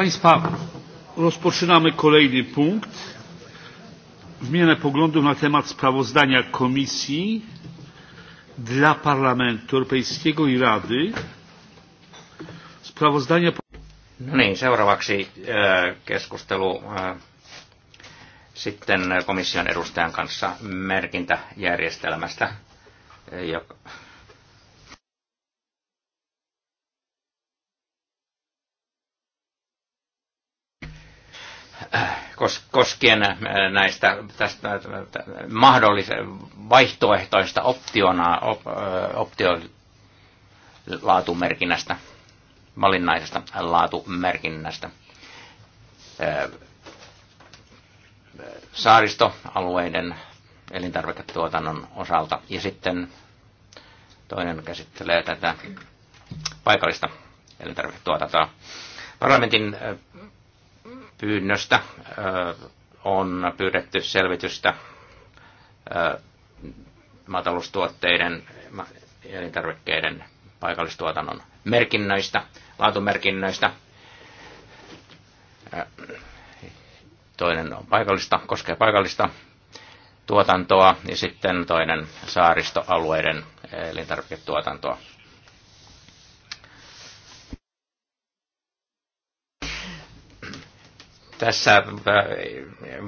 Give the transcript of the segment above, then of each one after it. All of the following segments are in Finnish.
Państwa, rozpoczynamy kolejny punkt. Wymianę poglądów na temat sprawozdania Komisji dla Parlamentu Europejskiego i Rady. Sprawozdania. No niin, seuraavaksi e, keskustelu e, sitten komission edustajan kanssa merkintäjärjestelmästä, e, joka koskien äh, näistä tästä äh, mahdollisen vaihtoehtoista optiona, op, äh, laatumerkinnästä, valinnaisesta laatumerkinnästä. Saaristoalueiden elintarviketuotannon osalta ja sitten toinen käsittelee tätä paikallista elintarviketuotantoa. Parlamentin pyynnöstä on pyydetty selvitystä maataloustuotteiden ja elintarvikkeiden paikallistuotannon merkinnöistä, laatumerkinnöistä. Toinen on paikallista, koskee paikallista tuotantoa ja sitten toinen saaristoalueiden elintarviketuotantoa. tässä äh,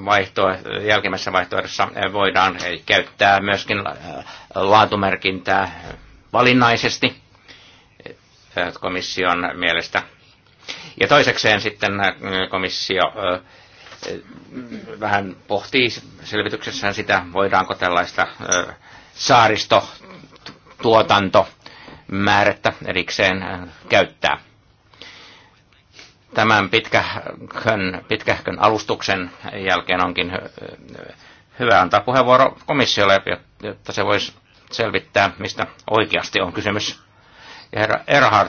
vaihto, jälkimmäisessä vaihtoehdossa äh, voidaan käyttää myöskin äh, laatumerkintää valinnaisesti komission mielestä. Ja toisekseen sitten komissio vähän pohtii selvityksessään sitä, voidaanko tällaista saaristotuotantomäärättä erikseen käyttää Tämän pitkähkön, pitkähkön alustuksen jälkeen onkin hyvä antaa puheenvuoro komissiolle, jotta se voisi selvittää, mistä oikeasti on kysymys. herra Erhard,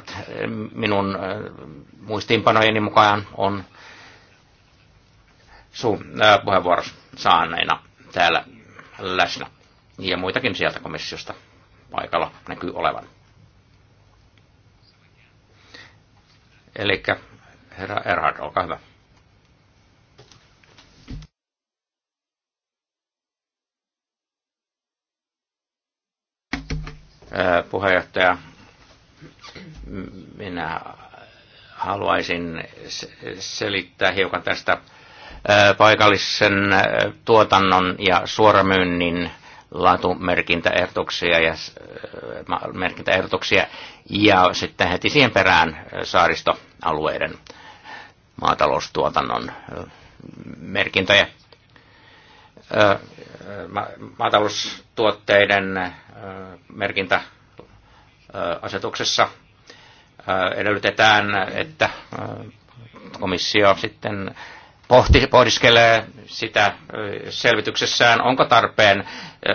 minun äh, muistiinpanojeni mukaan on sun äh, puheenvuoros saaneina täällä läsnä. Ja muitakin sieltä komissiosta paikalla näkyy olevan. Eli Herra Erhard, olkaa hyvä. Äh, puheenjohtaja, minä haluaisin selittää hiukan tästä äh, paikallisen äh, tuotannon ja suoramyynnin laatumerkintäehdotuksia ja merkintäehdotuksia ja sitten heti siihen perään saaristoalueiden maataloustuotannon merkintöjä. Maataloustuotteiden merkintäasetuksessa edellytetään, että komissio sitten pohti, pohdiskelee sitä selvityksessään, onko tarpeen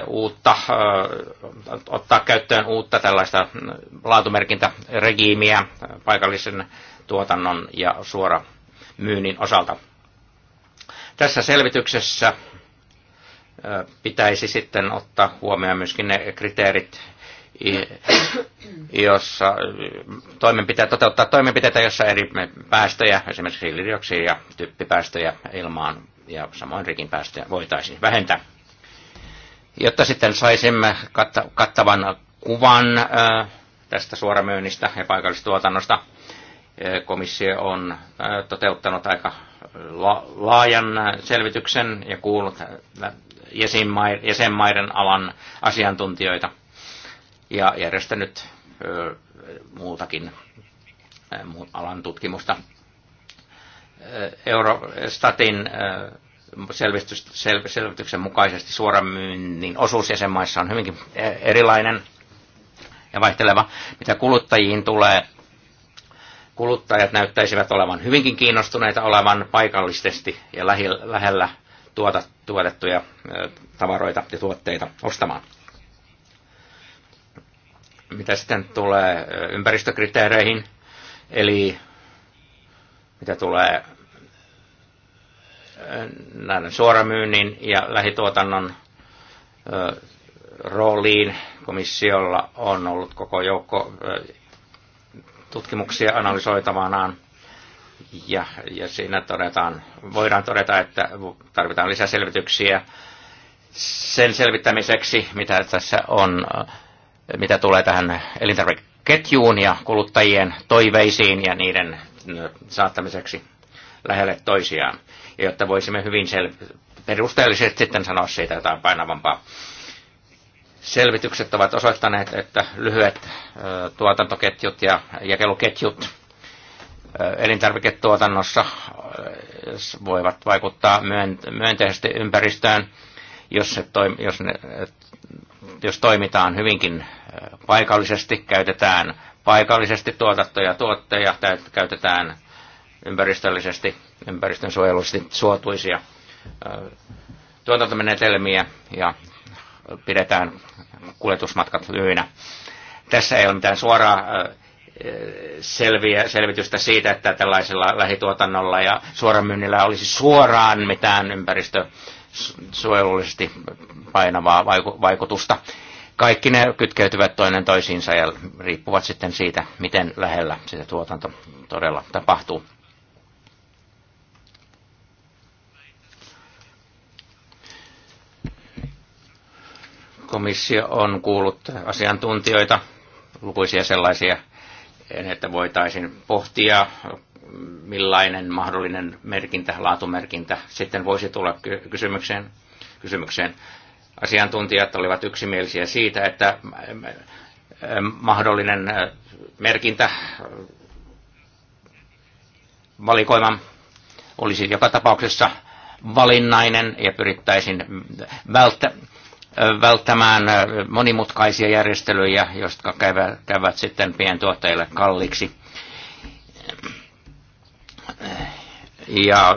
uutta, ottaa käyttöön uutta tällaista laatumerkintäregiimiä paikallisen tuotannon ja suora myynnin osalta. Tässä selvityksessä pitäisi sitten ottaa huomioon myöskin ne kriteerit, jossa toimenpiteet, toteuttaa toimenpiteitä, jossa eri päästöjä, esimerkiksi hiilidioksidia ja typpipäästöjä ilmaan ja samoin rikin päästöjä voitaisiin vähentää. Jotta sitten saisimme kattavan kuvan tästä suoramyynnistä ja paikallistuotannosta, komissio on äh, toteuttanut aika laajan selvityksen ja kuullut äh, jäsenmaiden alan asiantuntijoita ja järjestänyt äh, muutakin alan tutkimusta. Eurostatin selvityksen mukaisesti myynnin osuus jäsenmaissa on hyvinkin erilainen ja vaihteleva. Mitä kuluttajiin tulee, kuluttajat näyttäisivät olevan hyvinkin kiinnostuneita olevan paikallisesti ja lähellä tuota, tuotettuja tavaroita ja tuotteita ostamaan. Mitä sitten tulee ympäristökriteereihin, eli mitä tulee näiden suoramyynnin ja lähituotannon rooliin, komissiolla on ollut koko joukko tutkimuksia analysoitavanaan. Ja, ja siinä todetaan, voidaan todeta, että tarvitaan lisäselvityksiä sen selvittämiseksi, mitä tässä on, mitä tulee tähän elintarvikeketjuun ja kuluttajien toiveisiin ja niiden no, saattamiseksi lähelle toisiaan, jotta voisimme hyvin sel- perusteellisesti sitten sanoa siitä jotain painavampaa. Selvitykset ovat osoittaneet, että lyhyet tuotantoketjut ja jakeluketjut elintarviketuotannossa voivat vaikuttaa myönteisesti ympäristöön, jos, se toim, jos, ne, jos toimitaan hyvinkin paikallisesti, käytetään paikallisesti tuotettuja tuotteja, käytetään ympäristöllisesti, ympäristönsuojelullisesti suotuisia tuotantomenetelmiä ja pidetään kuljetusmatkat lyhyinä. Tässä ei ole mitään suoraa selviä, selvitystä siitä, että tällaisella lähituotannolla ja suoramyynnillä olisi suoraan mitään ympäristösuojelullisesti painavaa vaikutusta. Kaikki ne kytkeytyvät toinen toisiinsa ja riippuvat sitten siitä, miten lähellä sitä tuotanto todella tapahtuu. Komissio on kuullut asiantuntijoita, lukuisia sellaisia, että voitaisiin pohtia, millainen mahdollinen merkintä, laatumerkintä sitten voisi tulla kysymykseen. kysymykseen. Asiantuntijat olivat yksimielisiä siitä, että äh, mahdollinen äh, merkintä äh, valikoima olisi joka tapauksessa valinnainen ja pyrittäisiin välttämään välttämään monimutkaisia järjestelyjä, jotka käyvät, käyvät sitten pientuottajille kalliiksi. Ja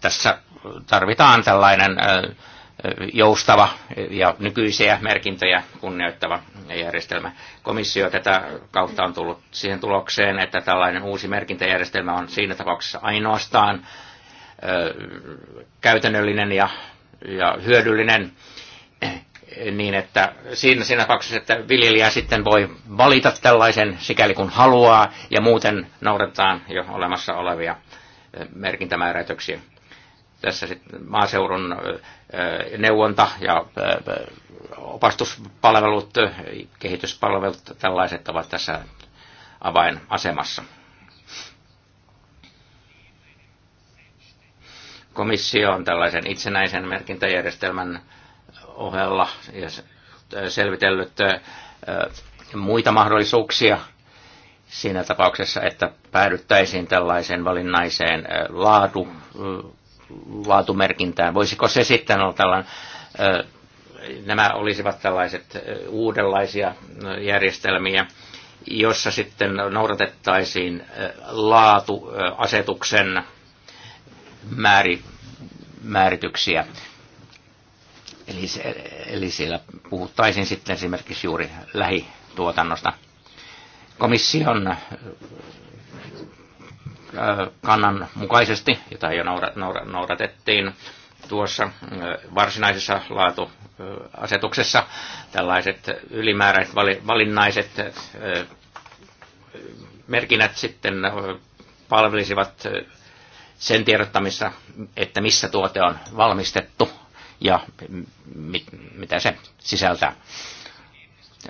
tässä tarvitaan tällainen joustava ja nykyisiä merkintöjä kunnioittava järjestelmä. Komissio tätä kautta on tullut siihen tulokseen, että tällainen uusi merkintäjärjestelmä on siinä tapauksessa ainoastaan käytännöllinen ja, ja hyödyllinen niin, että siinä, siinä tapauksessa, että viljelijä sitten voi valita tällaisen sikäli kun haluaa, ja muuten noudatetaan jo olemassa olevia merkintämääräytyksiä. Tässä sitten maaseudun neuvonta ja opastuspalvelut, kehityspalvelut, tällaiset ovat tässä avainasemassa. Komissio on tällaisen itsenäisen merkintäjärjestelmän ohella selvitellyt muita mahdollisuuksia siinä tapauksessa, että päädyttäisiin tällaiseen valinnaiseen laatu, laatumerkintään. Voisiko se sitten olla tällainen, nämä olisivat tällaiset uudenlaisia järjestelmiä, jossa sitten noudatettaisiin laatuasetuksen määri, määrityksiä. Eli, eli siellä puhuttaisiin sitten esimerkiksi juuri lähituotannosta. Komission kannan mukaisesti, jota jo noudatettiin tuossa varsinaisessa laatuasetuksessa, tällaiset ylimääräiset valinnaiset merkinnät sitten palvelisivat sen tiedottamissa, että missä tuote on valmistettu ja mit, mitä se sisältää.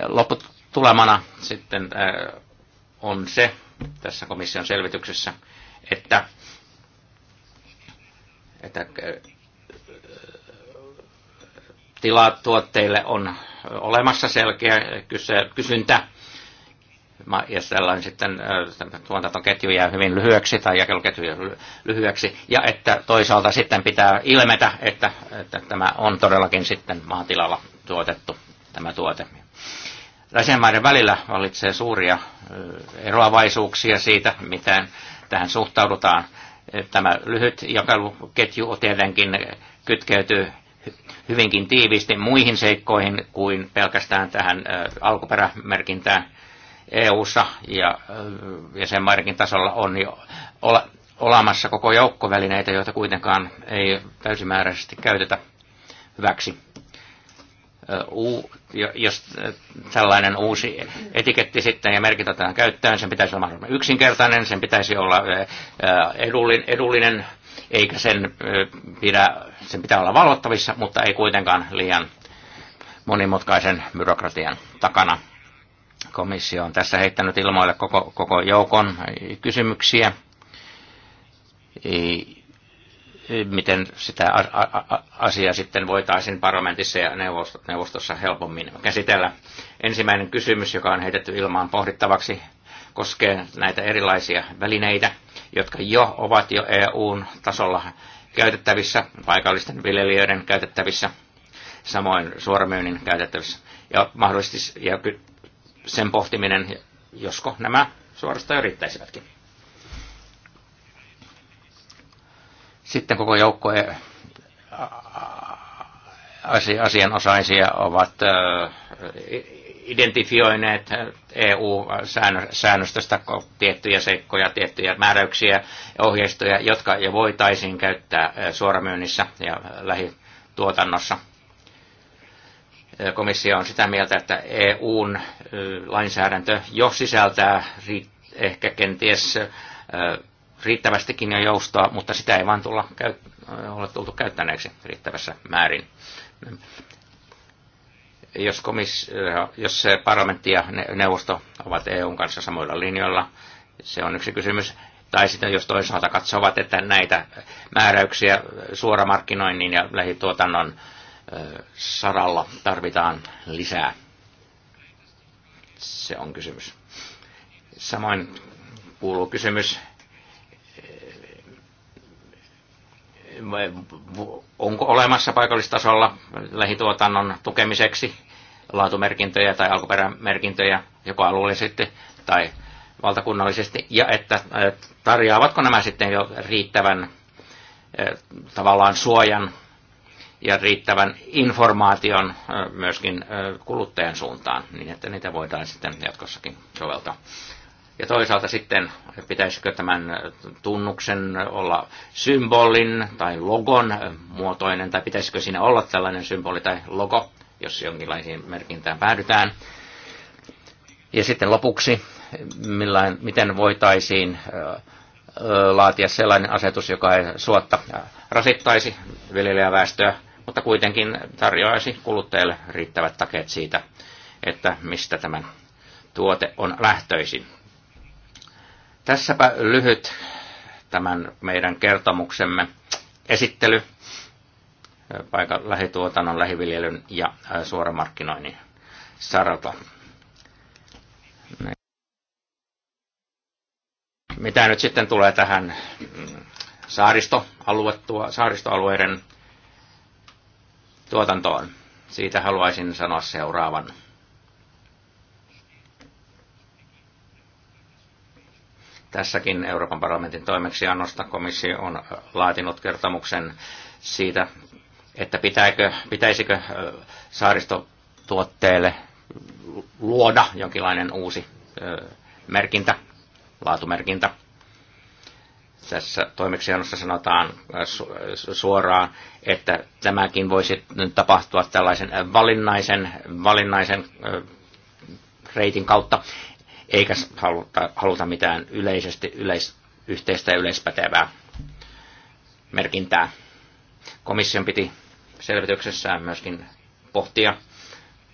Lopputulemana sitten äh, on se tässä komission selvityksessä, että, että äh, tilatuotteille on olemassa selkeä kysyntä jos sellainen sitten tuotantoketju jää hyvin lyhyeksi tai jakeluketju jää lyhyeksi, ja että toisaalta sitten pitää ilmetä, että, että tämä on todellakin sitten maatilalla tuotettu tämä tuote. Jäsenmaiden välillä valitsee suuria eroavaisuuksia siitä, miten tähän suhtaudutaan. Tämä lyhyt jakeluketju tietenkin kytkeytyy hyvinkin tiiviisti muihin seikkoihin kuin pelkästään tähän alkuperämerkintään – EU-ssa ja jäsenmaidenkin tasolla on jo olemassa koko joukkovälineitä, joita kuitenkaan ei täysimääräisesti käytetä hyväksi. U, jos tällainen uusi etiketti sitten ja merkitä otetaan käyttöön, sen pitäisi olla mahdollisimman yksinkertainen, sen pitäisi olla edullinen, edullinen eikä sen, pidä, sen pitää olla valvottavissa, mutta ei kuitenkaan liian monimutkaisen byrokratian takana. Komissio on tässä heittänyt ilmoille koko, koko joukon kysymyksiä. Miten sitä asiaa sitten voitaisiin parlamentissa ja neuvostossa helpommin käsitellä. Ensimmäinen kysymys, joka on heitetty ilmaan pohdittavaksi, koskee näitä erilaisia välineitä, jotka jo ovat jo EUn tasolla käytettävissä, paikallisten viljelijöiden käytettävissä, samoin suoramyynnin käytettävissä. Ja mahdollisesti ja sen pohtiminen, josko nämä suorastaan yrittäisivätkin. Sitten koko joukko eh, asianosaisia ovat eh, identifioineet EU-säännöstöstä eh, e tiettyjä seikkoja, tiettyjä määräyksiä, ohjeistoja, jotka jo voitaisiin käyttää suoramyynnissä ja lähituotannossa – Komissio on sitä mieltä, että EUn lainsäädäntö jo sisältää ehkä kenties riittävästikin jo joustoa, mutta sitä ei vaan tulla, ole tultu käyttäneeksi riittävässä määrin. Jos, komissio, jos parlamentti ja neuvosto ovat EUn kanssa samoilla linjoilla, se on yksi kysymys. Tai sitten jos toisaalta katsovat, että näitä määräyksiä suoramarkkinoinnin ja lähituotannon saralla tarvitaan lisää. Se on kysymys. Samoin kuuluu kysymys, onko olemassa paikallistasolla lähituotannon tukemiseksi laatumerkintöjä tai alkuperämerkintöjä joko alueellisesti tai valtakunnallisesti, ja että tarjoavatko nämä sitten jo riittävän tavallaan suojan ja riittävän informaation myöskin kuluttajan suuntaan, niin että niitä voidaan sitten jatkossakin soveltaa. Ja toisaalta sitten, pitäisikö tämän tunnuksen olla symbolin tai logon muotoinen, tai pitäisikö siinä olla tällainen symboli tai logo, jos jonkinlaisiin merkintään päädytään. Ja sitten lopuksi, millään, miten voitaisiin laatia sellainen asetus, joka ei suotta rasittaisi viljelijäväestöä mutta kuitenkin tarjoaisi kuluttajille riittävät takeet siitä, että mistä tämän tuote on lähtöisin. Tässäpä lyhyt tämän meidän kertomuksemme esittely paikan lähituotannon, lähiviljelyn ja suoramarkkinoinnin saralta. Mitä nyt sitten tulee tähän mm, saaristoalueiden tuotantoon. Siitä haluaisin sanoa seuraavan. Tässäkin Euroopan parlamentin toimeksiannosta komissio on laatinut kertomuksen siitä, että pitääkö, pitäisikö saaristotuotteelle luoda jonkinlainen uusi merkintä, laatumerkintä. Tässä toimeksiannossa sanotaan äh, äh, suoraan, että tämäkin voisi tapahtua tällaisen valinnaisen, valinnaisen äh, reitin kautta, eikä haluta, haluta mitään yleisesti yleis, yhteistä ja yleispätevää merkintää. Komission piti selvityksessään myöskin pohtia,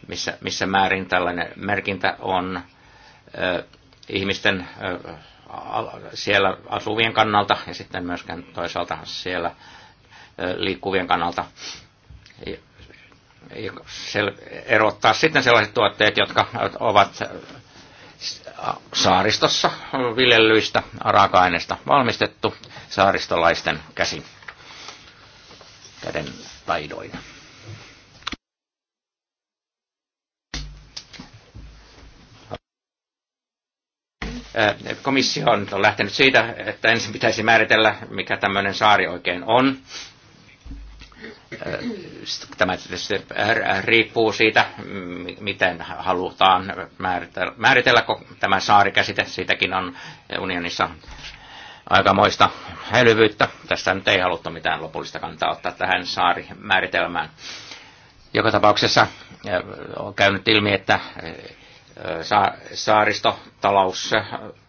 missä, missä määrin tällainen merkintä on ö, ihmisten ö, siellä asuvien kannalta ja sitten myöskään toisaalta siellä liikkuvien kannalta erottaa sitten sellaiset tuotteet, jotka ovat saaristossa viljellyistä raaka-aineista valmistettu saaristolaisten käsin käden taidoina. komissio on lähtenyt siitä, että ensin pitäisi määritellä, mikä tämmöinen saari oikein on. Tämä tietysti riippuu siitä, miten halutaan määritellä, tämä saarikäsite. Siitäkin on unionissa aikamoista hälyvyyttä. Tässä nyt ei haluttu mitään lopullista kantaa ottaa tähän saarimääritelmään. Joka tapauksessa on käynyt ilmi, että saaristotalous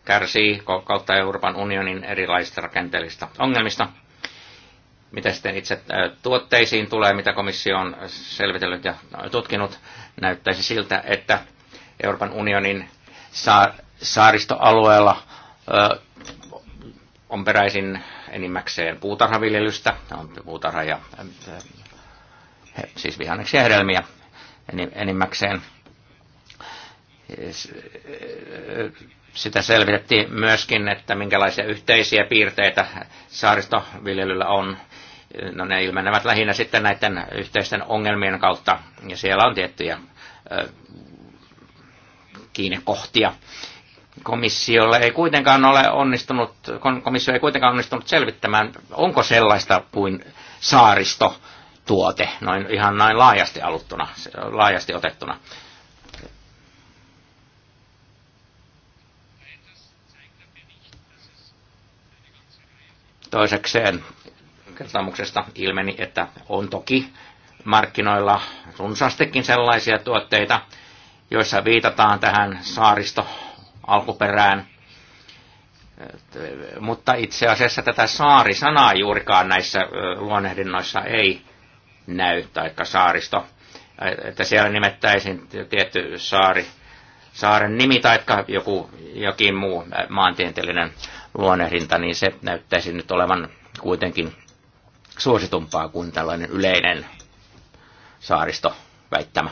kärsii kautta Euroopan unionin erilaisista rakenteellista ongelmista. Mitä sitten itse tuotteisiin tulee, mitä komissio on selvitellyt ja tutkinut, näyttäisi siltä, että Euroopan unionin saaristoalueella on peräisin enimmäkseen puutarhaviljelystä, on puutarha ja siis vihanneksia hedelmiä enimmäkseen – sitä selvitettiin myöskin, että minkälaisia yhteisiä piirteitä saaristoviljelyllä on. No ne ilmenevät lähinnä sitten näiden yhteisten ongelmien kautta, ja siellä on tiettyjä kiinnekohtia. Komissiolle ei kuitenkaan ole onnistunut, komissio ei kuitenkaan onnistunut selvittämään, onko sellaista kuin saaristotuote, noin ihan näin laajasti aluttuna, laajasti otettuna Toisekseen kertomuksesta ilmeni, että on toki markkinoilla runsaastikin sellaisia tuotteita, joissa viitataan tähän saaristo alkuperään. Mutta itse asiassa tätä saarisanaa juurikaan näissä luonnehdinnoissa ei näy, taikka saaristo. Että siellä nimettäisiin tietty saari, saaren nimi tai joku, jokin muu maantieteellinen luonehdinta, niin se näyttäisi nyt olevan kuitenkin suositumpaa kuin tällainen yleinen saaristoväittämä.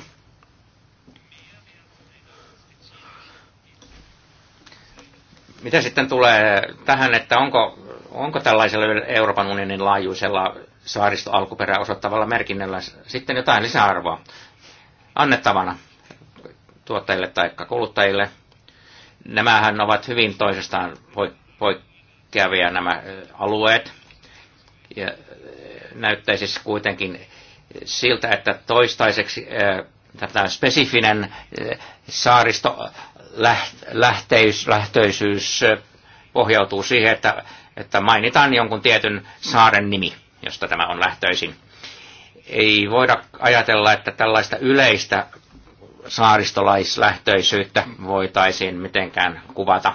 Mitä sitten tulee tähän, että onko, onko tällaisella Euroopan unionin laajuisella saaristoalkuperää osoittavalla merkinnällä sitten jotain lisäarvoa annettavana tuottajille tai kuluttajille? Nämähän ovat hyvin toisestaan poikkeavia nämä alueet. Ja näyttäisi siis kuitenkin siltä, että toistaiseksi tämä spesifinen saaristo lähteys, lähtöisyys pohjautuu siihen, että, että mainitaan jonkun tietyn saaren nimi, josta tämä on lähtöisin. Ei voida ajatella, että tällaista yleistä saaristolaislähtöisyyttä voitaisiin mitenkään kuvata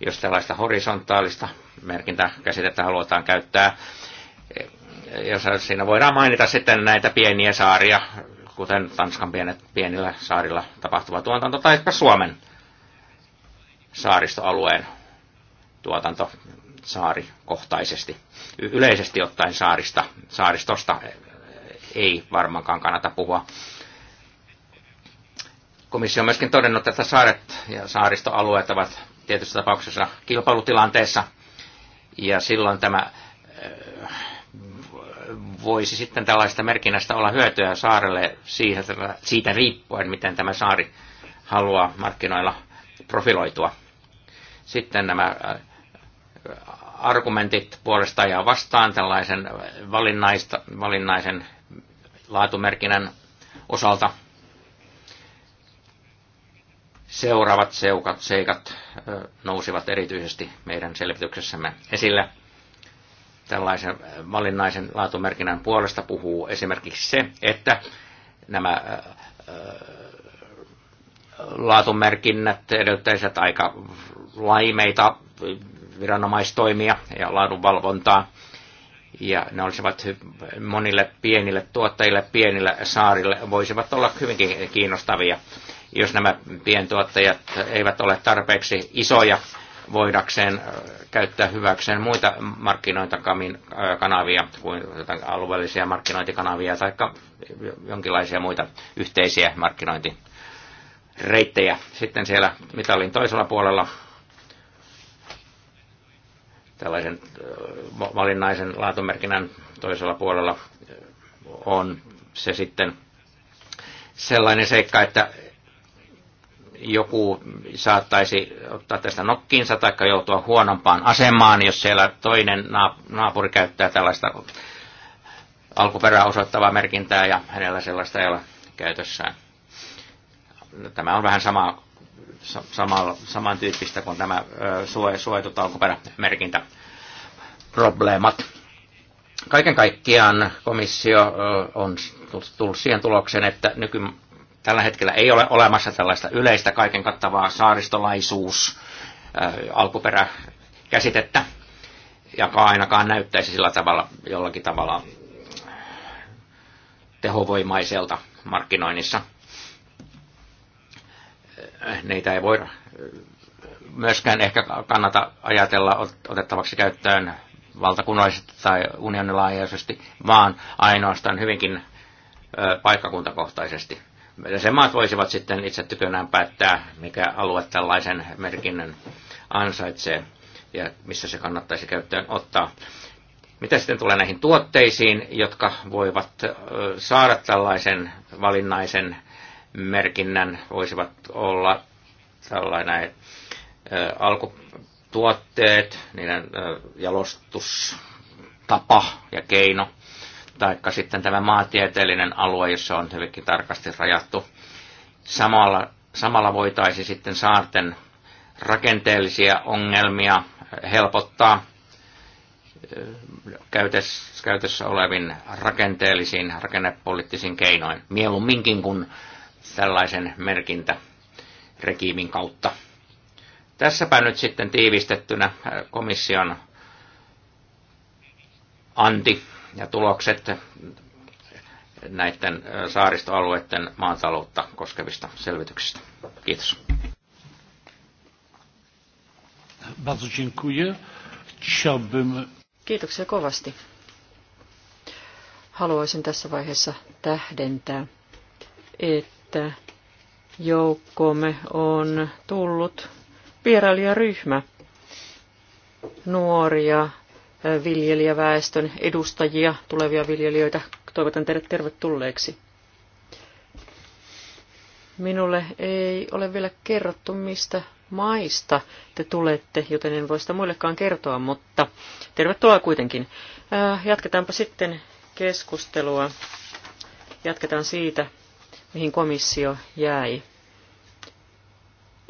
jos tällaista horisontaalista merkintäkäsitettä halutaan käyttää, jos siinä voidaan mainita sitten näitä pieniä saaria, kuten Tanskan pienet, pienillä saarilla tapahtuva tuotanto, tai Suomen saaristoalueen tuotanto saarikohtaisesti. Yleisesti ottaen saarista, saaristosta ei varmaankaan kannata puhua. Komissio on myöskin todennut, että saaret ja saaristoalueet ovat tietyssä tapauksessa kilpailutilanteessa. Ja silloin tämä äh, voisi sitten tällaista merkinnästä olla hyötyä saarelle siitä, siitä riippuen, miten tämä saari haluaa markkinoilla profiloitua. Sitten nämä äh, argumentit puolesta ja vastaan tällaisen valinnaista, valinnaisen laatumerkinnän osalta – Seuraavat seukat, seikat nousivat erityisesti meidän selvityksessämme esille. Tällaisen valinnaisen laatumerkinnän puolesta puhuu esimerkiksi se, että nämä laatumerkinnät edellyttäisivät aika laimeita viranomaistoimia ja laadunvalvontaa. Ja ne olisivat monille pienille tuottajille, pienille saarille, voisivat olla hyvinkin kiinnostavia jos nämä pientuottajat eivät ole tarpeeksi isoja voidakseen äh, käyttää hyväkseen muita markkinointikanavia äh, kuin alueellisia markkinointikanavia tai jonkinlaisia muita yhteisiä markkinointireittejä. Sitten siellä mitallin toisella puolella tällaisen äh, valinnaisen laatumerkinnän toisella puolella on se sitten sellainen seikka, että, joku saattaisi ottaa tästä nokkiinsa tai joutua huonompaan asemaan, jos siellä toinen naapuri käyttää tällaista alkuperää osoittavaa merkintää ja hänellä sellaista ei ole käytössään. Tämä on vähän sama, sama, samantyyppistä kuin nämä suojatut alkuperämerkintäprobleemat. Kaiken kaikkiaan komissio on tullut siihen tulokseen, että nyky, Tällä hetkellä ei ole olemassa tällaista yleistä kaiken kattavaa saaristolaisuus alkuperäkäsitettä, joka ainakaan näyttäisi sillä tavalla jollakin tavalla tehovoimaiselta markkinoinnissa. Neitä ei voida myöskään ehkä kannata ajatella otettavaksi käyttöön valtakunnallisesti tai unionin vaan ainoastaan hyvinkin paikkakuntakohtaisesti jäsenmaat voisivat sitten itse tykönään päättää, mikä alue tällaisen merkinnän ansaitsee ja missä se kannattaisi käyttöön ottaa. Mitä sitten tulee näihin tuotteisiin, jotka voivat saada tällaisen valinnaisen merkinnän, voisivat olla tällainen alkutuotteet, niiden jalostustapa ja keino, taikka sitten tämä maatieteellinen alue, jossa on hyvinkin tarkasti rajattu. Samalla, samalla voitaisiin sitten saarten rakenteellisia ongelmia helpottaa eh, käytössä, käytössä olevin rakenteellisiin, rakennepoliittisiin keinoin, mieluumminkin kuin tällaisen merkintärekiimin kautta. Tässäpä nyt sitten tiivistettynä eh, komission anti ja tulokset näiden saaristoalueiden maataloutta koskevista selvityksistä. Kiitos. Kiitoksia kovasti. Haluaisin tässä vaiheessa tähdentää, että joukkomme on tullut vierailijaryhmä nuoria viljelijäväestön edustajia, tulevia viljelijöitä. Toivotan teidät tervetulleeksi. Minulle ei ole vielä kerrottu, mistä maista te tulette, joten en voi sitä muillekaan kertoa, mutta tervetuloa kuitenkin. Äh, jatketaanpa sitten keskustelua. Jatketaan siitä, mihin komissio jäi.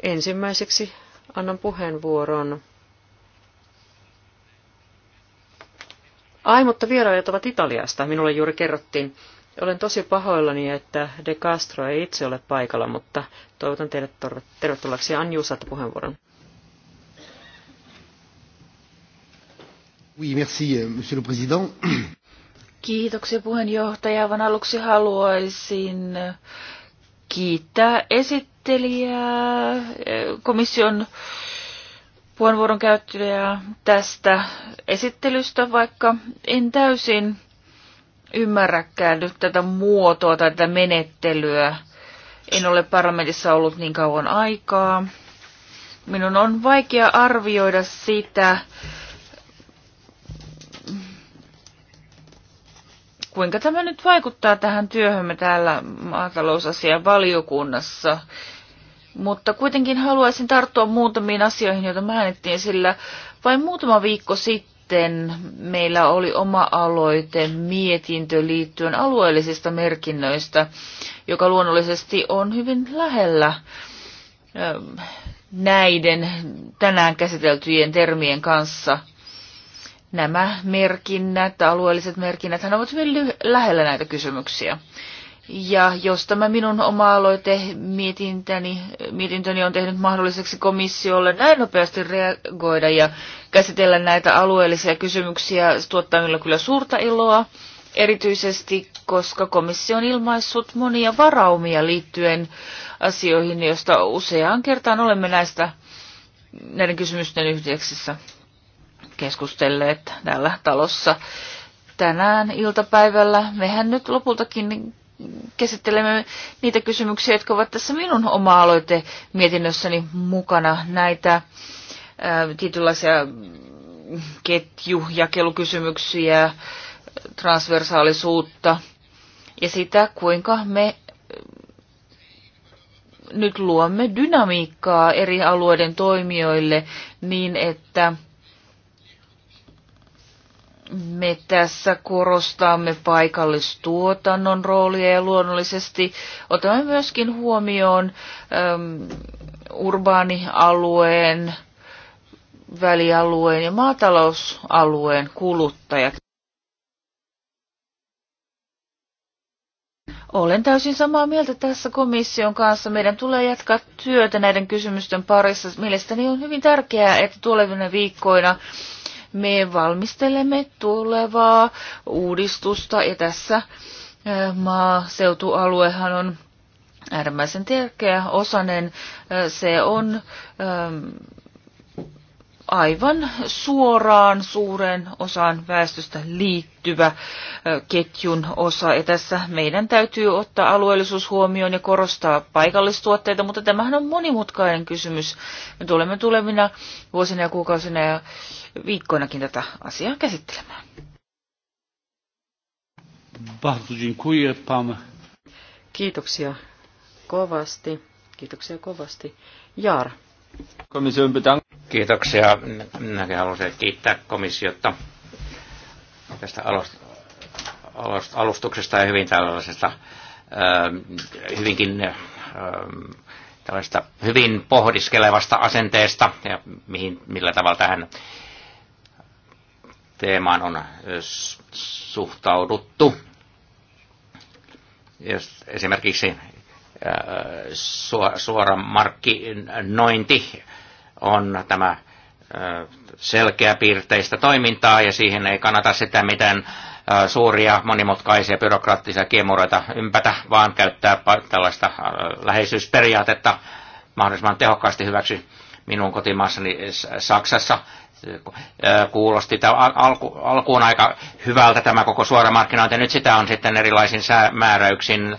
Ensimmäiseksi annan puheenvuoron Ai, mutta vierailijat ovat Italiasta, minulle juuri kerrottiin. Olen tosi pahoillani, että De Castro ei itse ole paikalla, mutta toivotan teidät tervetulleeksi Anju saatte puheenvuoron. Oui, merci, euh, monsieur le président. Kiitoksia puheenjohtaja. Aivan aluksi haluaisin kiittää esittelijää, eh, komission puheenvuoron käyttäjää tästä esittelystä, vaikka en täysin ymmärräkään nyt tätä muotoa tai tätä menettelyä. En ole parlamentissa ollut niin kauan aikaa. Minun on vaikea arvioida sitä, kuinka tämä nyt vaikuttaa tähän työhömme täällä maatalousasian valiokunnassa. Mutta kuitenkin haluaisin tarttua muutamiin asioihin, joita mainittiin, sillä vain muutama viikko sitten meillä oli oma aloite mietintö liittyen alueellisista merkinnöistä, joka luonnollisesti on hyvin lähellä ähm, näiden tänään käsiteltyjen termien kanssa. Nämä merkinnät, alueelliset merkinnät, ovat hyvin lähellä näitä kysymyksiä. Ja jos tämä minun oma aloite mietintäni, mietintöni on tehnyt mahdolliseksi komissiolle näin nopeasti reagoida ja käsitellä näitä alueellisia kysymyksiä, tuottaa minulle kyllä suurta iloa, erityisesti koska komissio on ilmaissut monia varaumia liittyen asioihin, joista useaan kertaan olemme näistä näiden kysymysten yhteyksissä keskustelleet täällä talossa tänään iltapäivällä. Mehän nyt lopultakin käsittelemme niitä kysymyksiä, jotka ovat tässä minun oma-aloite mietinnössäni mukana. Näitä ä, tietynlaisia ketjujakelukysymyksiä, transversaalisuutta ja sitä, kuinka me nyt luomme dynamiikkaa eri alueiden toimijoille niin, että me tässä korostamme paikallistuotannon roolia ja luonnollisesti otamme myöskin huomioon äm, urbaanialueen, välialueen ja maatalousalueen kuluttajat. Olen täysin samaa mieltä tässä komission kanssa. Meidän tulee jatkaa työtä näiden kysymysten parissa. Mielestäni on hyvin tärkeää, että tulevina viikkoina me valmistelemme tulevaa uudistusta ja tässä maaseutualuehan on äärimmäisen tärkeä osanen. Se on aivan suoraan suureen osaan väestöstä liittyvä ketjun osa. Ja tässä meidän täytyy ottaa alueellisuus huomioon ja korostaa paikallistuotteita, mutta tämähän on monimutkainen kysymys. Me tulemme tulevina vuosina ja kuukausina ja viikkoinakin tätä asiaa käsittelemään. Kiitoksia kovasti. Kiitoksia kovasti. Jaara. Komission pitää. Kiitoksia. Minäkin haluaisin kiittää komissiota tästä alustuksesta ja hyvin tällaisesta ähm, hyvinkin ähm, tällaista hyvin pohdiskelevasta asenteesta ja mihin, millä tavalla tähän teemaan on äh, suhtauduttu. esimerkiksi Äh, suora markkinointi on tämä äh, selkeäpiirteistä toimintaa ja siihen ei kannata sitä mitään äh, suuria monimutkaisia byrokraattisia kiemuroita ympätä, vaan käyttää tällaista läheisyysperiaatetta mahdollisimman tehokkaasti hyväksi minun kotimaassani Saksassa. Kuulosti tämä alku, alkuun aika hyvältä tämä koko suora markkinointi. Nyt sitä on sitten erilaisin määräyksin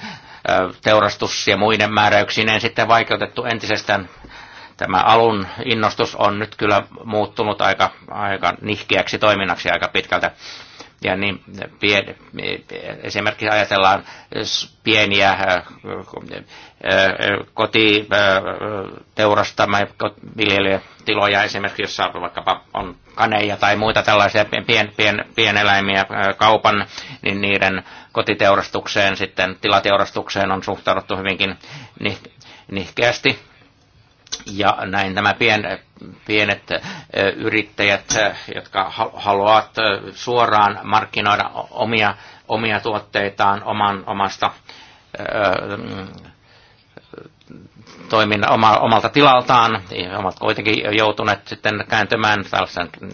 teurastus ja muiden määräyksineen sitten vaikeutettu entisestään. Tämä alun innostus on nyt kyllä muuttunut aika, aika nihkeäksi toiminnaksi aika pitkältä. Ja niin, pien, esimerkiksi ajatellaan pieniä kotiteurastamme viljelytiloja esimerkiksi, jossa vaikkapa on kaneja tai muita tällaisia pien, pien, pieneläimiä kaupan, niin niiden kotiteurastukseen, sitten tilateurastukseen on suhtauduttu hyvinkin nihkeästi. Ja näin nämä pien, pienet yrittäjät, jotka haluavat suoraan markkinoida omia, omia tuotteitaan oman, omasta toimin oma, omalta tilaltaan, niin ovat kuitenkin joutuneet sitten kääntymään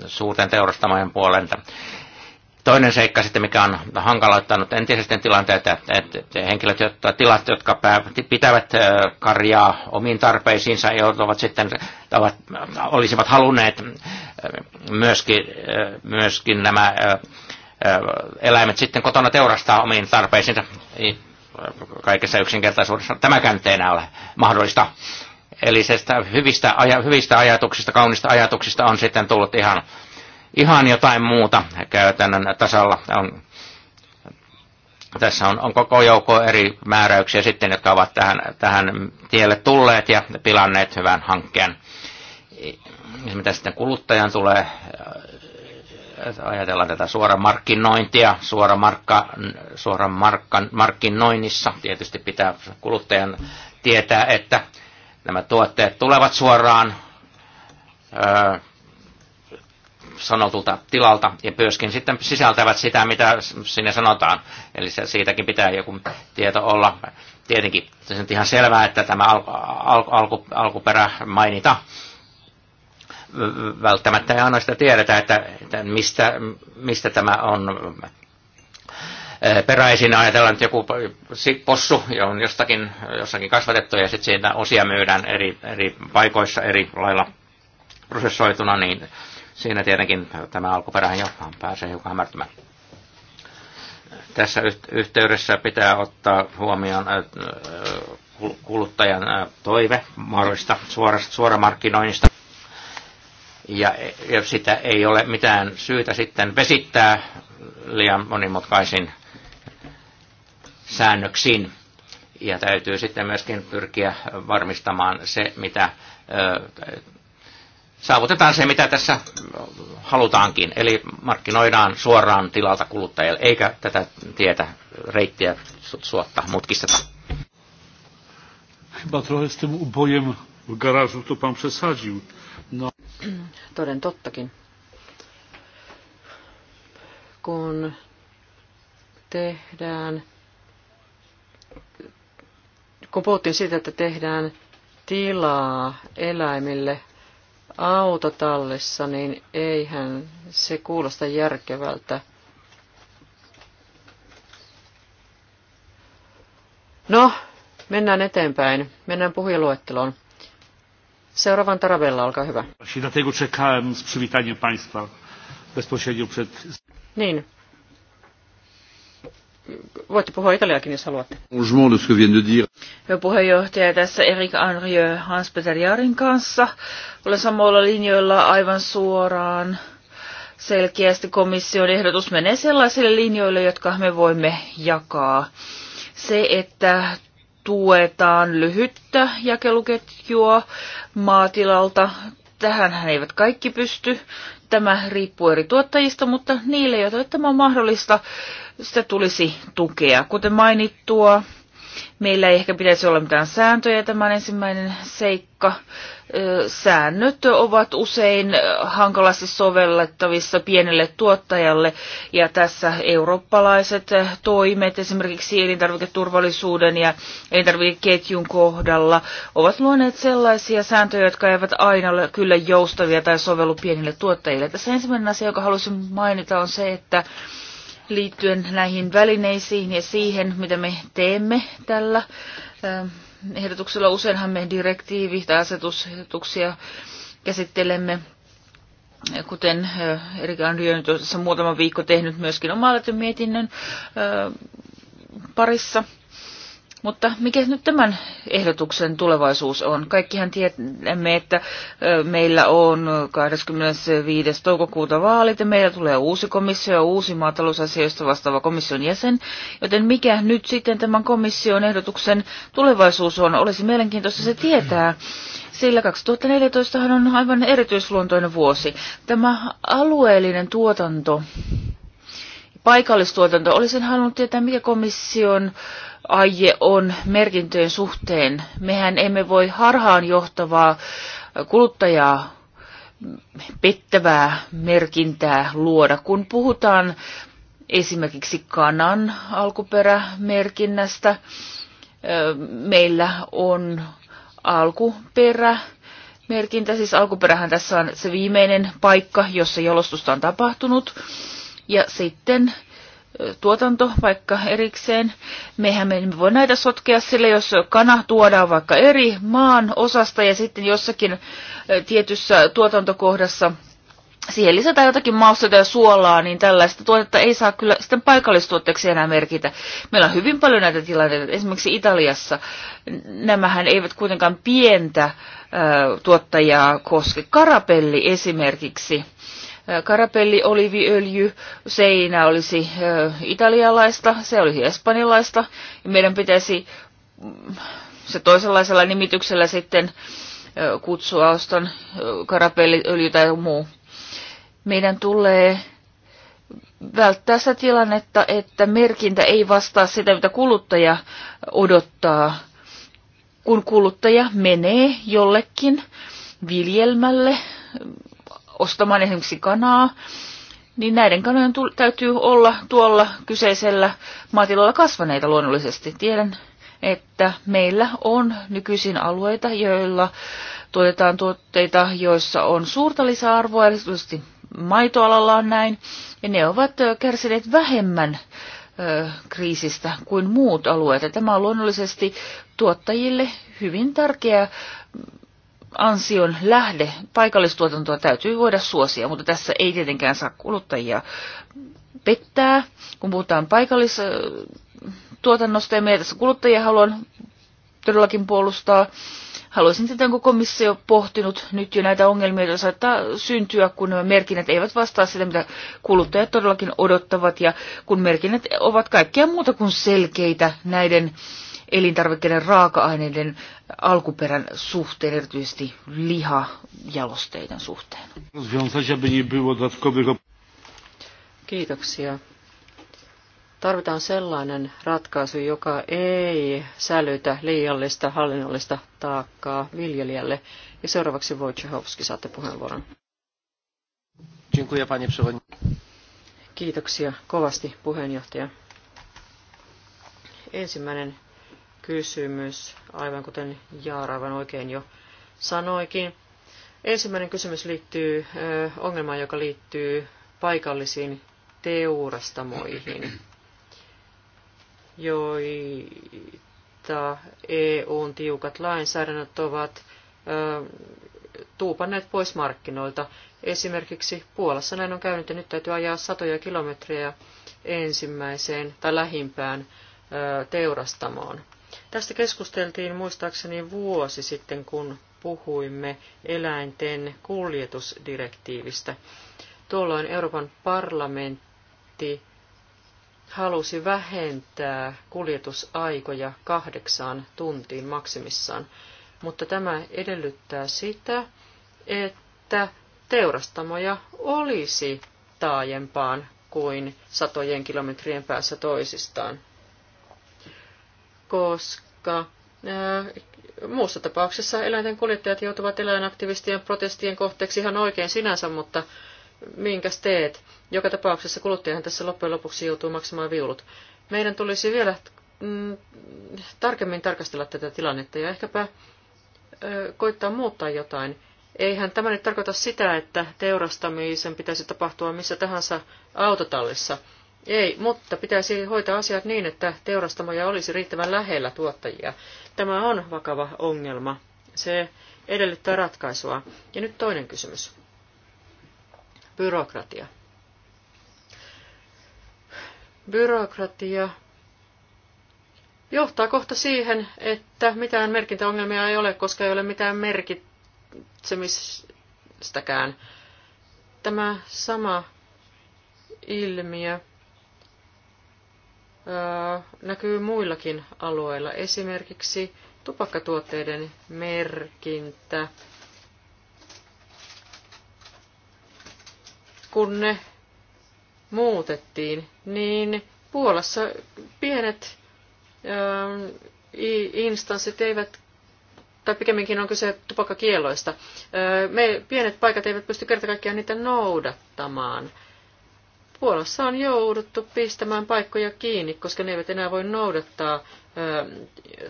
suurten teurastamojen puolelta. Toinen seikka sitten, mikä on hankaloittanut entisestään tilanteita, että henkilöt, jotka, tilat, jotka pitävät karjaa omiin tarpeisiinsa, joutuvat sitten, ovat, olisivat halunneet myöskin, myöskin nämä eläimet sitten kotona teurastaa omiin tarpeisiinsa. Kaikessa yksinkertaisuudessa tämäkään ei enää ole mahdollista. Eli hyvistä, hyvistä ajatuksista, kaunista ajatuksista on sitten tullut ihan ihan jotain muuta käytännön tasalla. On, tässä on, on koko joukko eri määräyksiä sitten, jotka ovat tähän, tähän tielle tulleet ja pilanneet hyvän hankkeen. Mitä sitten kuluttajan tulee, ajatellaan tätä suora suora markkinointia markka suora markka markkinoinnissa tietysti pitää kuluttajan tietää, että nämä tuotteet tulevat suoraan sanotulta tilalta ja myöskin sitten sisältävät sitä, mitä sinne sanotaan. Eli se, siitäkin pitää joku tieto olla. Tietenkin se on ihan selvää, että tämä al, al, alku, alkuperä mainita välttämättä ei aina sitä tiedetä, että, että mistä, mistä tämä on peräisin. Ajatellaan, että joku possu on jostakin, jossakin kasvatettu ja sitten siitä osia myydään eri, eri paikoissa eri lailla prosessoituna, niin Siinä tietenkin tämä alkuperäinen jo pääsee hiukan hämärtymään. Tässä yhteydessä pitää ottaa huomioon äh, kuluttajan äh, toive mahdollista suoramarkkinoinnista. Ja, ja sitä ei ole mitään syytä sitten vesittää liian monimutkaisin säännöksiin. Ja täytyy sitten myöskin pyrkiä varmistamaan se, mitä äh, saavutetaan se, mitä tässä halutaankin, eli markkinoidaan suoraan tilalta kuluttajille, eikä tätä tietä, reittiä suotta mutkisteta. Chyba trochę z tym ubojem w garażu to pan przesadził. No. Toden tottakin. Kun tehdään, kun puhuttiin siitä, että tehdään tilaa eläimille autotallissa, niin eihän se kuulosta järkevältä. No, mennään eteenpäin. Mennään puhujaluetteloon. Seuraavan Tarabella, olkaa hyvä. Niin, Voitte puhua italiakin, jos haluatte. Hyvä Puheenjohtaja tässä Erik Anrio Hans-Peter Jarin kanssa. Olen samoilla linjoilla aivan suoraan. Selkeästi komission ehdotus menee sellaisille linjoille, jotka me voimme jakaa. Se, että tuetaan lyhyttä jakeluketjua maatilalta. tähän hän eivät kaikki pysty. Tämä riippuu eri tuottajista, mutta niille, joita tämä on mahdollista, sitä tulisi tukea. Kuten mainittua, meillä ei ehkä pitäisi olla mitään sääntöjä. Tämä ensimmäinen seikka. Säännöt ovat usein hankalasti sovellettavissa pienelle tuottajalle ja tässä eurooppalaiset toimet esimerkiksi elintarviketurvallisuuden ja elintarvikeketjun kohdalla ovat luoneet sellaisia sääntöjä, jotka eivät aina ole kyllä joustavia tai sovellu pienille tuottajille. Tässä ensimmäinen asia, joka haluaisin mainita on se, että liittyen näihin välineisiin ja siihen, mitä me teemme tällä ähm, ehdotuksella. Useinhan me direktiivi- tai asetusehdotuksia käsittelemme, kuten äh, Erika on tuossa muutama viikko tehnyt myöskin omalle mietinnön äh, parissa. Mutta mikä nyt tämän ehdotuksen tulevaisuus on? Kaikkihan tiedämme, että meillä on 25. toukokuuta vaalit ja meillä tulee uusi komissio ja uusi maatalousasioista vastaava komission jäsen. Joten mikä nyt sitten tämän komission ehdotuksen tulevaisuus on? Olisi mielenkiintoista se tietää sillä 2014 on aivan erityisluontoinen vuosi. Tämä alueellinen tuotanto, paikallistuotanto, olisin halunnut tietää, mikä komission aie on merkintöjen suhteen. Mehän emme voi harhaan johtavaa kuluttajaa pettävää merkintää luoda. Kun puhutaan esimerkiksi kanan alkuperämerkinnästä, meillä on alkuperä. Merkintä, siis alkuperähän tässä on se viimeinen paikka, jossa jalostusta on tapahtunut. Ja sitten tuotanto vaikka erikseen. Mehän me emme voi näitä sotkea sille, jos kana tuodaan vaikka eri maan osasta ja sitten jossakin tietyssä tuotantokohdassa siihen lisätään jotakin mausteita ja suolaa, niin tällaista tuotetta ei saa kyllä sitten paikallistuotteeksi enää merkitä. Meillä on hyvin paljon näitä tilanteita. Esimerkiksi Italiassa nämähän eivät kuitenkaan pientä ö, tuottajaa koske. Karapelli esimerkiksi karapelli, oliviöljy, seinä olisi italialaista, se olisi espanjalaista. Ja meidän pitäisi mm, se toisenlaisella nimityksellä sitten kutsua oston karapelliöljy tai muu. Meidän tulee välttää sitä tilannetta, että merkintä ei vastaa sitä, mitä kuluttaja odottaa. Kun kuluttaja menee jollekin viljelmälle, ostamaan esimerkiksi kanaa, niin näiden kanojen täytyy olla tuolla kyseisellä maatilalla kasvaneita luonnollisesti. Tiedän, että meillä on nykyisin alueita, joilla tuotetaan tuotteita, joissa on suurta lisäarvoa, erityisesti maitoalalla on näin, ja ne ovat kärsineet vähemmän ö, kriisistä kuin muut alueet. Ja tämä on luonnollisesti tuottajille hyvin tärkeä ansion lähde. Paikallistuotantoa täytyy voida suosia, mutta tässä ei tietenkään saa kuluttajia pettää. Kun puhutaan paikallistuotannosta ja meitä tässä kuluttajia haluan todellakin puolustaa, Haluaisin tietää, onko komissio pohtinut nyt jo näitä ongelmia, joita saattaa syntyä, kun nämä merkinnät eivät vastaa sitä, mitä kuluttajat todellakin odottavat, ja kun merkinnät ovat kaikkea muuta kuin selkeitä näiden äh, elintarvikkeiden raaka-aineiden alkuperän suhteen, erityisesti lihajalosteiden suhteen. Kiitoksia. Tarvitaan sellainen ratkaisu, joka ei sälytä liiallista hallinnollista taakkaa viljelijälle. Ja seuraavaksi Wojciechowski, saatte puheenvuoron. Kiitoksia kovasti puheenjohtaja. Ensimmäinen kysymys, aivan kuten Jaara aivan oikein jo sanoikin. Ensimmäinen kysymys liittyy ongelmaan, joka liittyy paikallisiin teurastamoihin, joita EUn tiukat lainsäädännöt ovat tuupanneet pois markkinoilta. Esimerkiksi Puolassa näin on käynyt ja nyt täytyy ajaa satoja kilometrejä ensimmäiseen tai lähimpään teurastamoon. Tästä keskusteltiin muistaakseni vuosi sitten, kun puhuimme eläinten kuljetusdirektiivistä. Tuolloin Euroopan parlamentti halusi vähentää kuljetusaikoja kahdeksaan tuntiin maksimissaan, mutta tämä edellyttää sitä, että teurastamoja olisi taajempaan kuin satojen kilometrien päässä toisistaan koska äh, muussa tapauksessa eläinten kuljettajat joutuvat eläinaktivistien protestien kohteeksi ihan oikein sinänsä, mutta minkäs teet? Joka tapauksessa kuluttajahan tässä loppujen lopuksi joutuu maksamaan viulut. Meidän tulisi vielä mm, tarkemmin tarkastella tätä tilannetta ja ehkäpä ää, äh, koittaa muuttaa jotain. Eihän tämä nyt tarkoita sitä, että teurastamisen pitäisi tapahtua missä tahansa autotallissa. Ei, mutta pitäisi hoitaa asiat niin, että teurastamoja olisi riittävän lähellä tuottajia. Tämä on vakava ongelma. Se edellyttää ratkaisua. Ja nyt toinen kysymys. Byrokratia. Byrokratia johtaa kohta siihen, että mitään merkintäongelmia ei ole, koska ei ole mitään merkitsemistäkään. Tämä sama ilmiö näkyy muillakin alueilla. Esimerkiksi tupakkatuotteiden merkintä. Kun ne muutettiin, niin Puolassa pienet instanssit eivät, tai pikemminkin on kyse tupakkakieloista. Me pienet paikat eivät pysty kerta kaikkiaan niitä noudattamaan. Puolassa on jouduttu pistämään paikkoja kiinni, koska ne eivät enää voi noudattaa ö,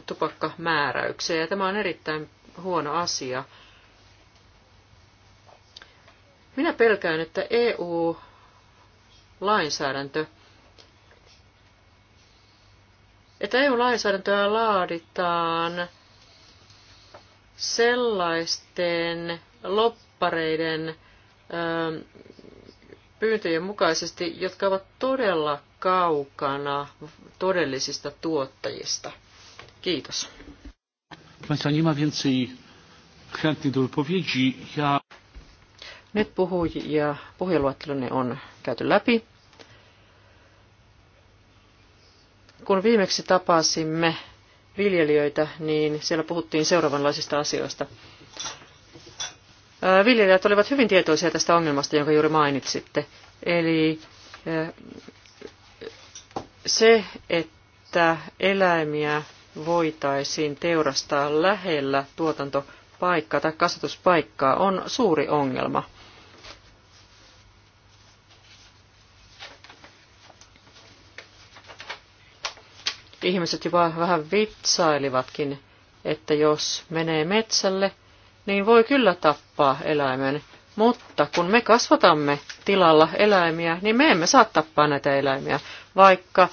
tupakkamääräyksiä, ja tämä on erittäin huono asia. Minä pelkään, että EU-lainsäädäntö, että EU-lainsäädäntöä laaditaan sellaisten loppareiden ö, pyyntöjen mukaisesti, jotka ovat todella kaukana todellisista tuottajista. Kiitos. Państwa, nie ma więcej chętnych do wypowiedzi. Ja... Nyt puhujia, on käyty läpi. Kun viimeksi tapasimme viljelijöitä, niin siellä puhuttiin seuraavanlaisista asioista viljelijät olivat hyvin tietoisia tästä ongelmasta, jonka juuri mainitsitte. Eli se, että eläimiä voitaisiin teurastaa lähellä tuotantopaikkaa tai kasvatuspaikkaa, on suuri ongelma. Ihmiset jopa vähän vitsailivatkin, että jos menee metsälle – niin voi kyllä tappaa eläimen. Mutta kun me kasvatamme tilalla eläimiä, niin me emme saa tappaa näitä eläimiä, vaikka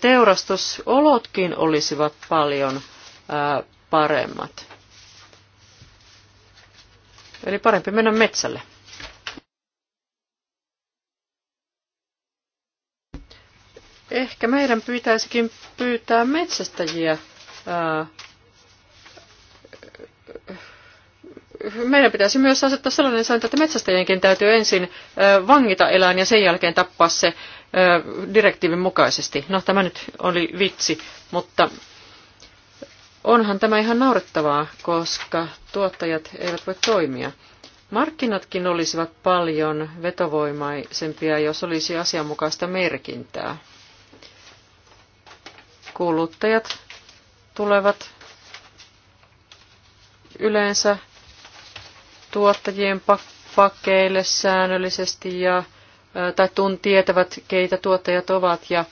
teurastusolotkin olisivat paljon paremmat. Eli parempi mennä metsälle. Ehkä meidän pitäisikin pyytää metsästäjiä ää, meidän pitäisi myös asettaa sellainen sääntö, että metsästäjienkin täytyy ensin vangita eläin ja sen jälkeen tappaa se direktiivin mukaisesti. No tämä nyt oli vitsi, mutta onhan tämä ihan naurettavaa, koska tuottajat eivät voi toimia. Markkinatkin olisivat paljon vetovoimaisempia, jos olisi asianmukaista merkintää. Kuluttajat tulevat yleensä tuottajien pakkeille säännöllisesti ja, tai tun tietävät, keitä tuottajat ovat ja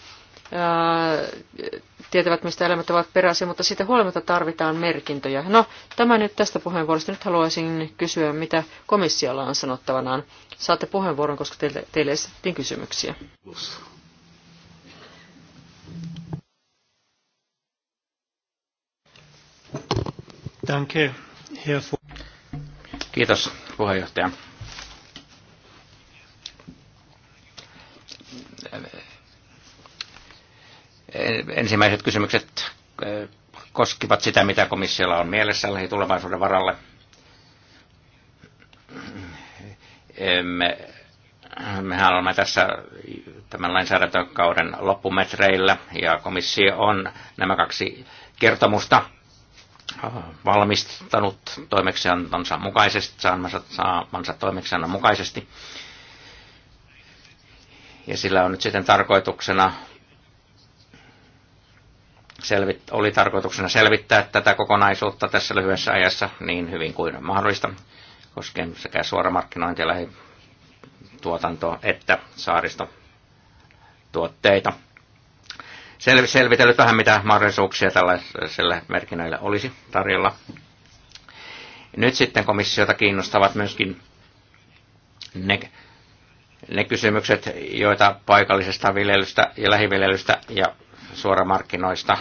tietävät, mistä elämät ovat peräisin, mutta siitä huolimatta tarvitaan merkintöjä. No, tämä nyt tästä puheenvuorosta. Nyt haluaisin kysyä, mitä komissiolla on sanottavanaan. Saatte puheenvuoron, koska teille, teille esitettiin kysymyksiä. Danke, Herr Kiitos puheenjohtaja. Ensimmäiset kysymykset eh, koskivat sitä, mitä komissiolla on mielessä lähitulevaisuuden varalle. Me, mehän olemme tässä tämän lainsäädäntökauden loppumetreillä ja komissio on nämä kaksi kertomusta valmistanut toimeksiantonsa mukaisesti, saamansa, saamansa toimeksiannon mukaisesti. Ja sillä on nyt sitten tarkoituksena selvit, oli tarkoituksena selvittää tätä kokonaisuutta tässä lyhyessä ajassa niin hyvin kuin mahdollista, koskien sekä suoramarkkinointia lähituotantoa että saaristotuotteita. tuotteita sel- selvitellyt vähän mitä mahdollisuuksia tällaiselle merkinnöille olisi tarjolla. Nyt sitten komissiota kiinnostavat myöskin ne, ne kysymykset, joita paikallisesta viljelystä ja lähiviljelystä ja suoramarkkinoista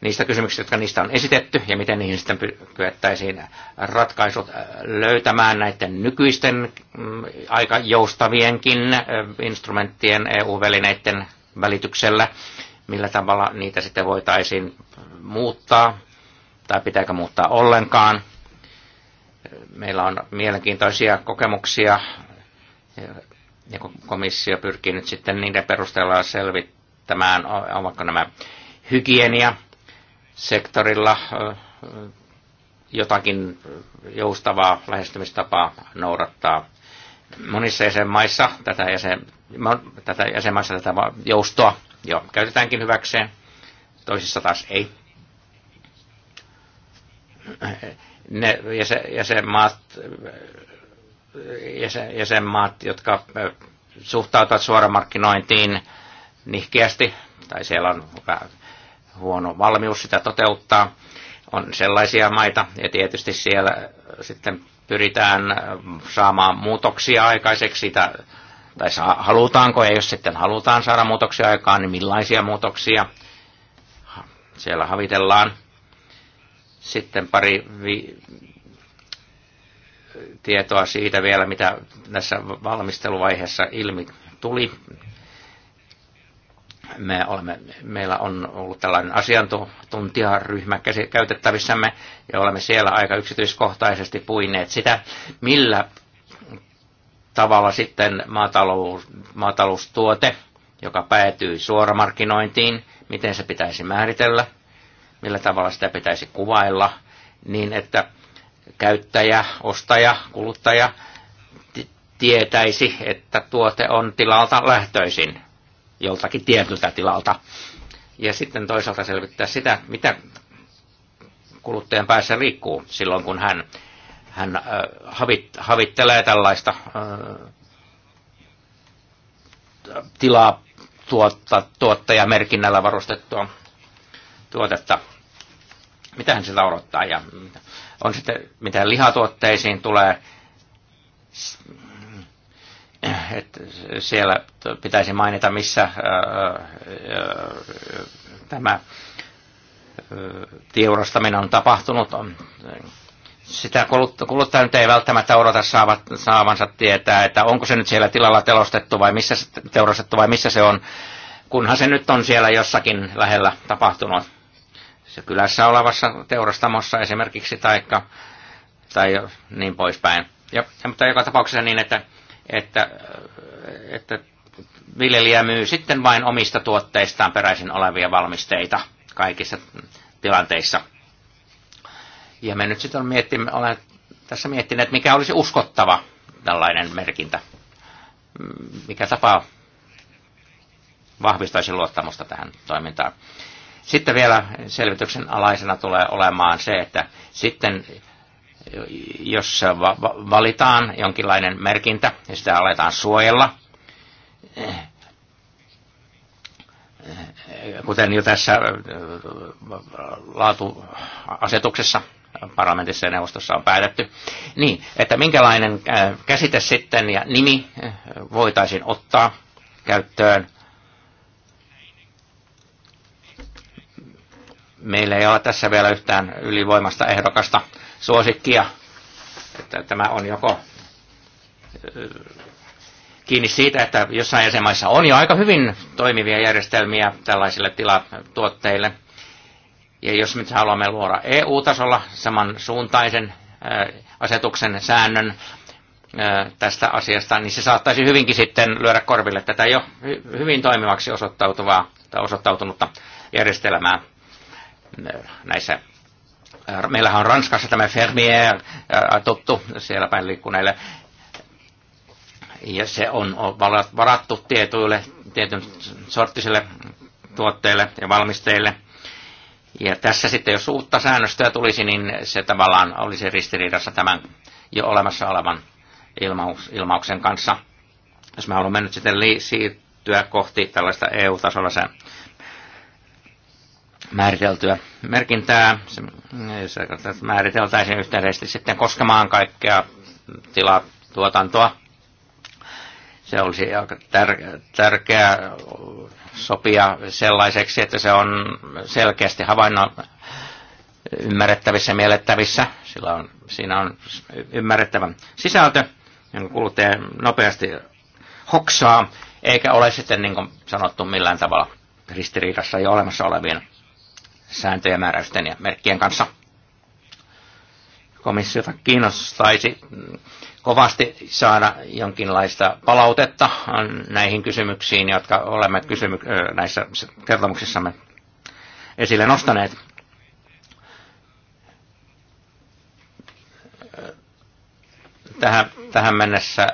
niistä kysymyksistä, jotka niistä on esitetty, ja miten niihin sitten kyettäisiin ratkaisut äh, löytämään näiden nykyisten mm, aika joustavienkin äh, instrumenttien EU-välineiden välityksellä, millä tavalla niitä sitten voitaisiin muuttaa, tai pitääkö muuttaa ollenkaan. Meillä on mielenkiintoisia kokemuksia, ja komissio pyrkii nyt sitten niiden perusteella selvittämään, ovatko nämä hygienia sektorilla jotakin joustavaa lähestymistapaa noudattaa. Monissa jäsenmaissa tätä, jäsen, tätä jäsenmaissa tätä joustoa jo käytetäänkin hyväkseen, toisissa taas ei. Ne jäsen, jäsenmaat, jäsen, jäsenmaat, jotka suhtautuvat suoramarkkinointiin nihkeästi, tai siellä on huono valmius sitä toteuttaa. On sellaisia maita, ja tietysti siellä äh, sitten pyritään äh, saamaan muutoksia aikaiseksi, sitä, tai saa, halutaanko, ja jos sitten halutaan saada muutoksia aikaan, niin millaisia muutoksia siellä havitellaan. Sitten pari vi- tietoa siitä vielä, mitä tässä valmisteluvaiheessa ilmi tuli me olemme, meillä on ollut tällainen asiantuntijaryhmä käytettävissämme ja olemme siellä aika yksityiskohtaisesti puineet sitä, millä tavalla sitten maatalous, maataloustuote, joka päätyy suoramarkkinointiin, miten se pitäisi määritellä, millä tavalla sitä pitäisi kuvailla, niin että käyttäjä, ostaja, kuluttaja tietäisi, että tuote on tilalta lähtöisin joltakin tietyltä tilalta. Ja sitten toisaalta selvittää sitä, mitä kuluttajan päässä liikkuu silloin, kun hän, hän äh, havit, havittelee tällaista äh, tilaa tuotta, tuottajamerkinnällä varustettua tuotetta. Mitä hän sitä odottaa ja on sitten, mitä lihatuotteisiin tulee, että siellä pitäisi mainita, missä äh, äh, tämä äh, tiurastaminen on tapahtunut. Sitä kuluttaja nyt ei välttämättä odota saavat, saavansa tietää, että onko se nyt siellä tilalla telostettu vai missä, teurastettu vai missä se on, kunhan se nyt on siellä jossakin lähellä tapahtunut. Se kylässä olevassa teurastamossa esimerkiksi, taikka, tai niin poispäin. Ja, mutta joka tapauksessa niin, että että, että viljelijä myy sitten vain omista tuotteistaan peräisin olevia valmisteita kaikissa tilanteissa. Ja me nyt sitten miettimme, olen tässä miettineet, mikä olisi uskottava tällainen merkintä. Mikä tapa vahvistaisi luottamusta tähän toimintaan. Sitten vielä selvityksen alaisena tulee olemaan se, että sitten jos valitaan jonkinlainen merkintä ja sitä aletaan suojella, kuten jo tässä äh, laatuasetuksessa parlamentissa ja neuvostossa on päätetty, niin, että minkälainen äh, käsite sitten ja nimi äh, voitaisiin ottaa käyttöön. Meillä ei ole tässä vielä yhtään ylivoimasta ehdokasta suosikkia. Että tämä on joko kiinni siitä, että jossain jäsenmaissa on jo aika hyvin toimivia järjestelmiä tällaisille tilatuotteille. Ja jos nyt haluamme luoda EU-tasolla samansuuntaisen asetuksen säännön tästä asiasta, niin se saattaisi hyvinkin sitten lyödä korville tätä jo hyvin toimivaksi osoittautuvaa tai osoittautunutta järjestelmää näissä meillähän on Ranskassa tämä fermier tuttu siellä päin liikkuneille, ja se on varattu tietyille, tietyn sorttisille tuotteille ja valmisteille. Ja tässä sitten, jos uutta säännöstöä tulisi, niin se tavallaan olisi ristiriidassa tämän jo olemassa olevan ilmauksen kanssa. Jos me haluamme nyt sitten siirtyä kohti tällaista EU-tasolla määriteltyä merkintää. Se, se määriteltäisiin yhteisesti sitten koskemaan kaikkea tilatuotantoa. Se olisi aika tär- tärkeää sopia sellaiseksi, että se on selkeästi havainnon ymmärrettävissä ja miellettävissä. Sillä on, siinä on ymmärrettävä sisältö, jonka kuluttaja nopeasti hoksaa, eikä ole sitten niin kuin sanottu millään tavalla ristiriidassa jo olemassa olevien sääntöjen määräysten ja merkkien kanssa. Komissiota kiinnostaisi kovasti saada jonkinlaista palautetta näihin kysymyksiin, jotka olemme kysymy- näissä kertomuksissamme esille nostaneet. Tähän, tähän mennessä,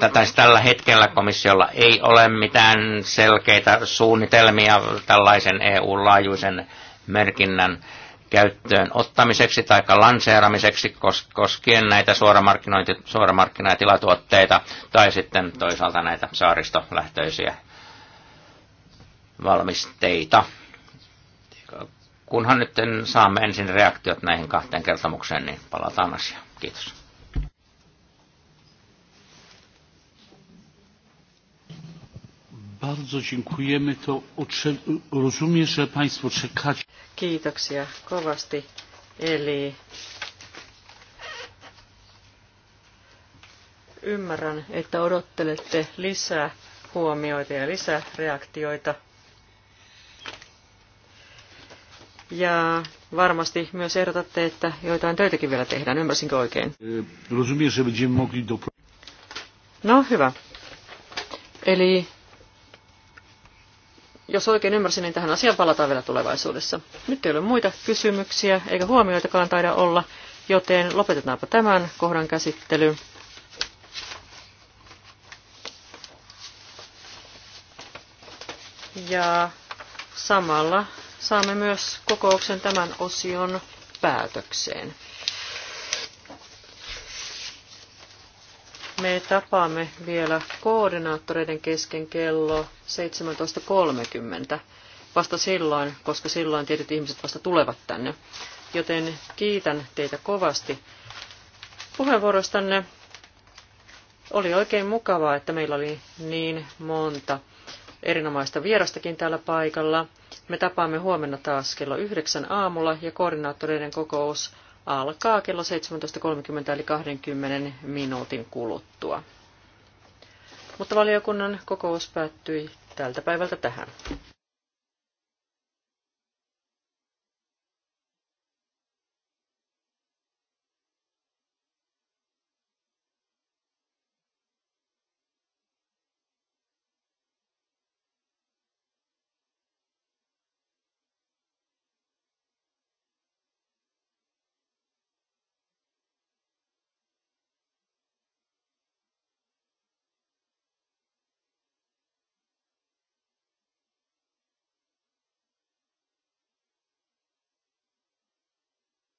tai tällä hetkellä komissiolla ei ole mitään selkeitä suunnitelmia tällaisen EU-laajuisen merkinnän käyttöön ottamiseksi tai lanseeramiseksi koskien näitä suoramarkkina- ja tilatuotteita tai sitten toisaalta näitä saaristolähtöisiä valmisteita. Kunhan nyt saamme ensin reaktiot näihin kahteen kertomukseen, niin palataan asiaan. Kiitos. Bardzo dziękujemy. To rozumiem, że Państwo czekacie. Kiitoksia kovasti. Eli ymmärrän, että odottelette lisää huomioita ja lisää reaktioita. Ja varmasti myös ehdotatte, että joitain töitäkin vielä tehdään. Ymmärsinkö oikein? E, no hyvä. Eli jos oikein ymmärsin, niin tähän asiaan palataan vielä tulevaisuudessa. Nyt ei ole muita kysymyksiä eikä huomioitakaan taida olla, joten lopetetaanpa tämän kohdan käsittely. Ja samalla saamme myös kokouksen tämän osion päätökseen. Me tapaamme vielä koordinaattoreiden kesken kello 17.30 vasta silloin, koska silloin tietyt ihmiset vasta tulevat tänne. Joten kiitän teitä kovasti puheenvuorostanne. Oli oikein mukavaa, että meillä oli niin monta erinomaista vierastakin täällä paikalla. Me tapaamme huomenna taas kello yhdeksän aamulla ja koordinaattoreiden kokous alkaa kello 17.30 eli 20 minuutin kuluttua. Mutta valiokunnan kokous päättyi tältä päivältä tähän.